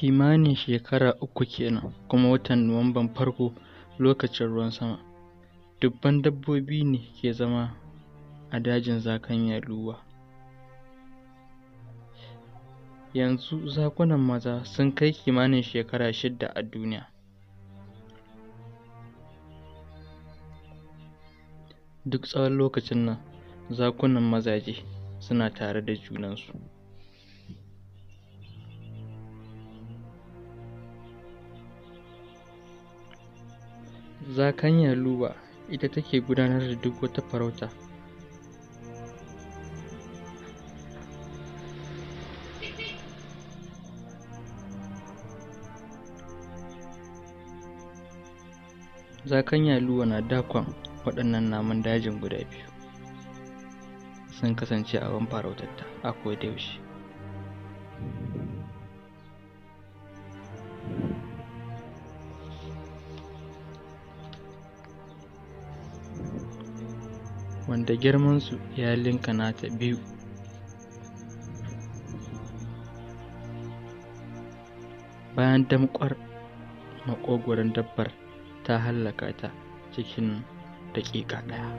kimanin shekara uku kenan kuma watan Nuwamban farko lokacin ruwan sama dubban dabbobi ne ke zama a dajin Zakanya Luwa yanzu zakunan maza sun kai kimanin shekara shidda a duniya duk tsawon lokacin nan zakunan mazaje suna tare da junansu Zakanya luba ita take gudanar da duk wata farauta. Zakanya Luwa na dakon waɗannan namun dajin guda biyu. Sun kasance a wani farautar ta, a kodayaushe. wanda girmansu ya linka nata biyu bayan damƙwar maƙogwaron dabbar ta hallaka ta cikin daƙiƙa ɗaya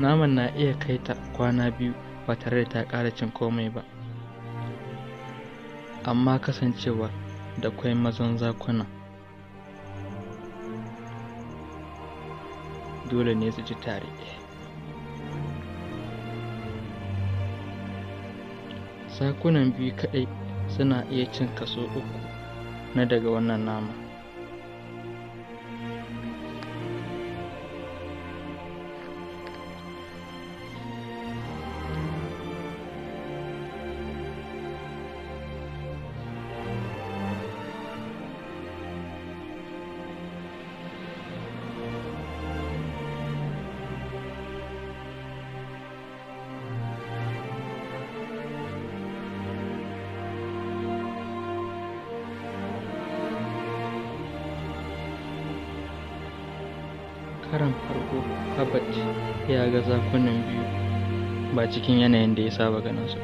naman na iya kai ta kwana biyu ba tare da ta ƙara cin komai ba amma kasancewa da kwai mazan zakuna dole ne su ci tare Zakunan biyu kaɗai suna iya cin kaso uku na daga wannan nama karan farko Herbert ya ga zakunan biyu ba cikin yanayin da ya saba ganin su.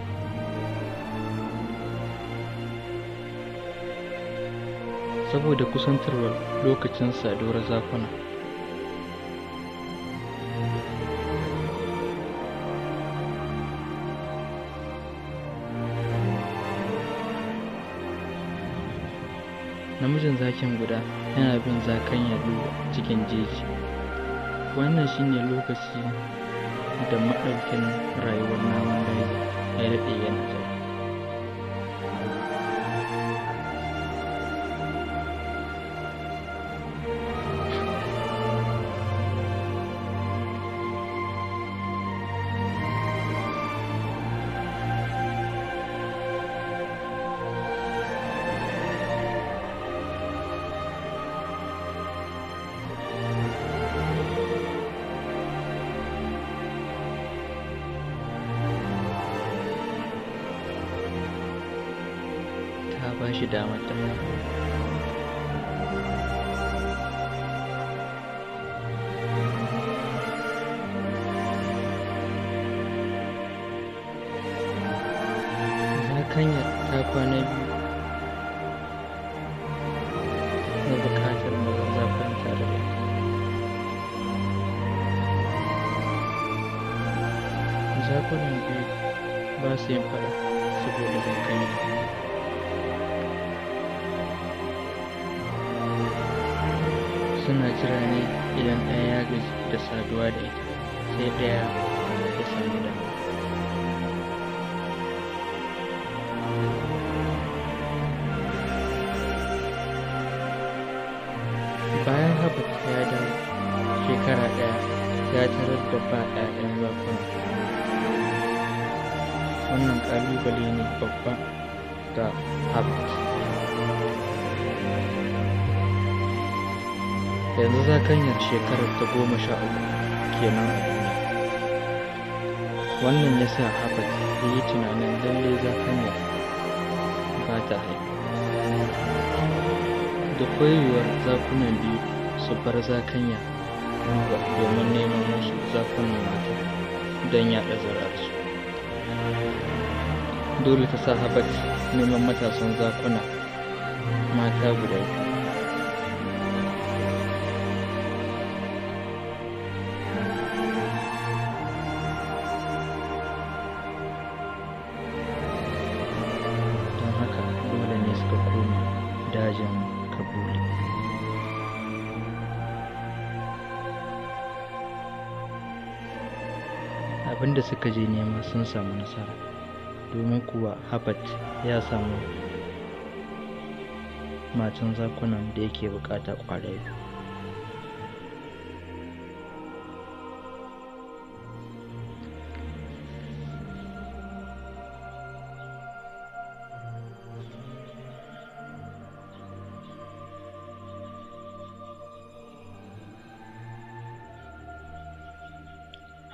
Saboda kusantarwar lokacin saduwar zakuna. Namijin zakin guda yana bin zakan yaɗu cikin jeji. wannan shine lokaci da maɗaukin rayuwar namun daji ya daɗe yana jira Sudah macam. ta kwana biyu na bukatar mazan zafin tare da zakunan biyu kira ne idan ɗaya ya gaji da saduwa da ita sai ɗaya ya samu dama bayan habak ya da shekara ɗaya ya tarar da ba ɗayan zakuna wannan ƙalubale ne babba ga habak yanzu zakanyar shekarar ta goma sha uku kenan a duniya wannan ya sa harvard ya yi tunanin lalle zakanyar ba ta haihu da koyewar zakunan biyu su bar zakanya ba domin neman wasu zakunan mata don yaɗa su. dole ta sa harvard neman matasan zakuna mata guda biyu wajen kabuli abinda suka je nema sun samu nasara domin kuwa Habat ya samu matan zakunan da yake bukata kwarai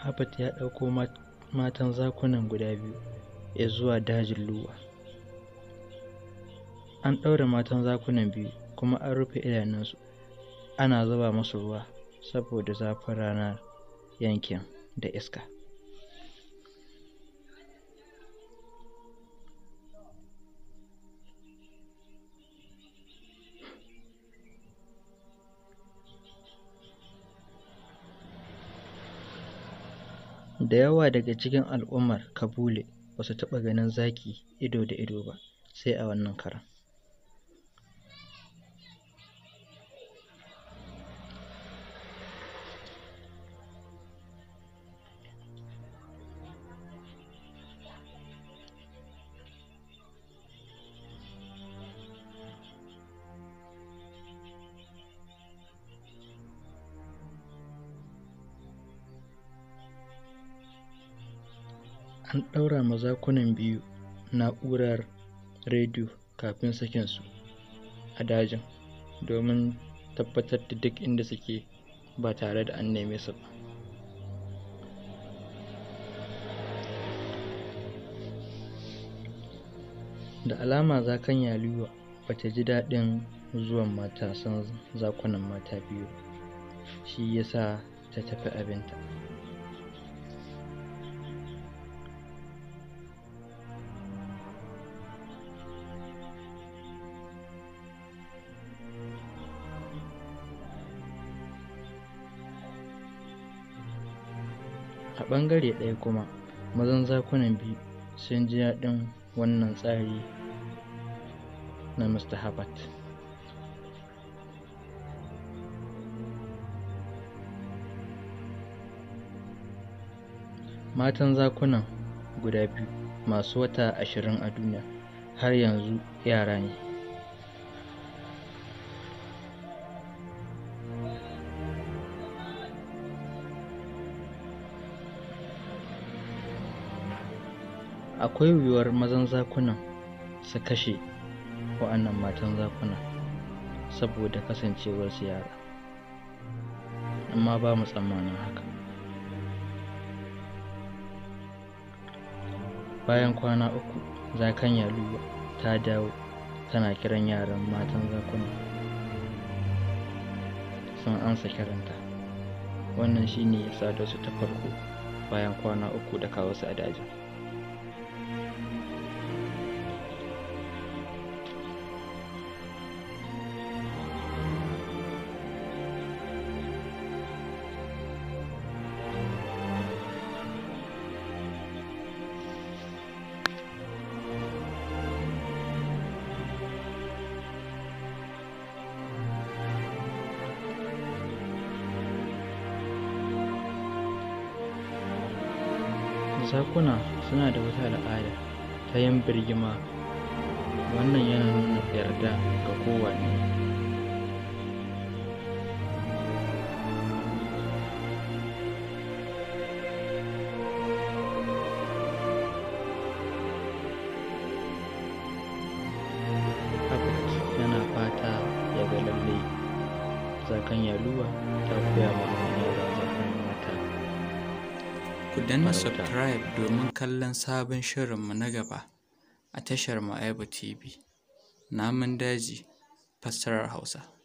Habat ya ɗauko matan zakunan guda biyu ya zuwa dajin luwa. An ɗaure matan zakunan biyu kuma an rufe idanunsu ana zuba musu ruwa saboda zafin ranar yankin da iska. Da yawa daga cikin al'ummar Kabule ba su taɓa ganin zaki ido da ido ba, sai a wannan karon. an ɗaura ma zakunan biyu na'urar rediyo kafin sakinsu a dajin domin tabbatar da duk inda suke ba tare da an neme su ba da alama zakan yaliwa ba ta ji daɗin zuwan matasan zakunan mata biyu shi yasa ta tafi abinta a ɓangare ɗaya kuma mazan zakunan biyu sun ji daɗin wannan tsari na mr harvard matan zakunan guda biyu masu wata ashirin a duniya har yanzu yara ne akwai yiwuwar mazan zakunan su kashe wa'annan matan zakuna saboda kasancewar su yara amma ba mu tsammanin haka bayan kwana uku zakan yaluwa ta dawo tana kiran yaran matan zakuna sun ansa kiranta wannan shine ya sa da su ta farko bayan kwana uku da kawo su a dajin Zakuna suna da wata al'ada ta yin birgima, wannan yana nuna yarda ga kowane. yana fata yaga lalle zakan yaluwa ta koya Ku danna subscribe domin kallon sabon shirinmu na gaba a tashar Ayaba TV. Namun daji fassarar Hausa.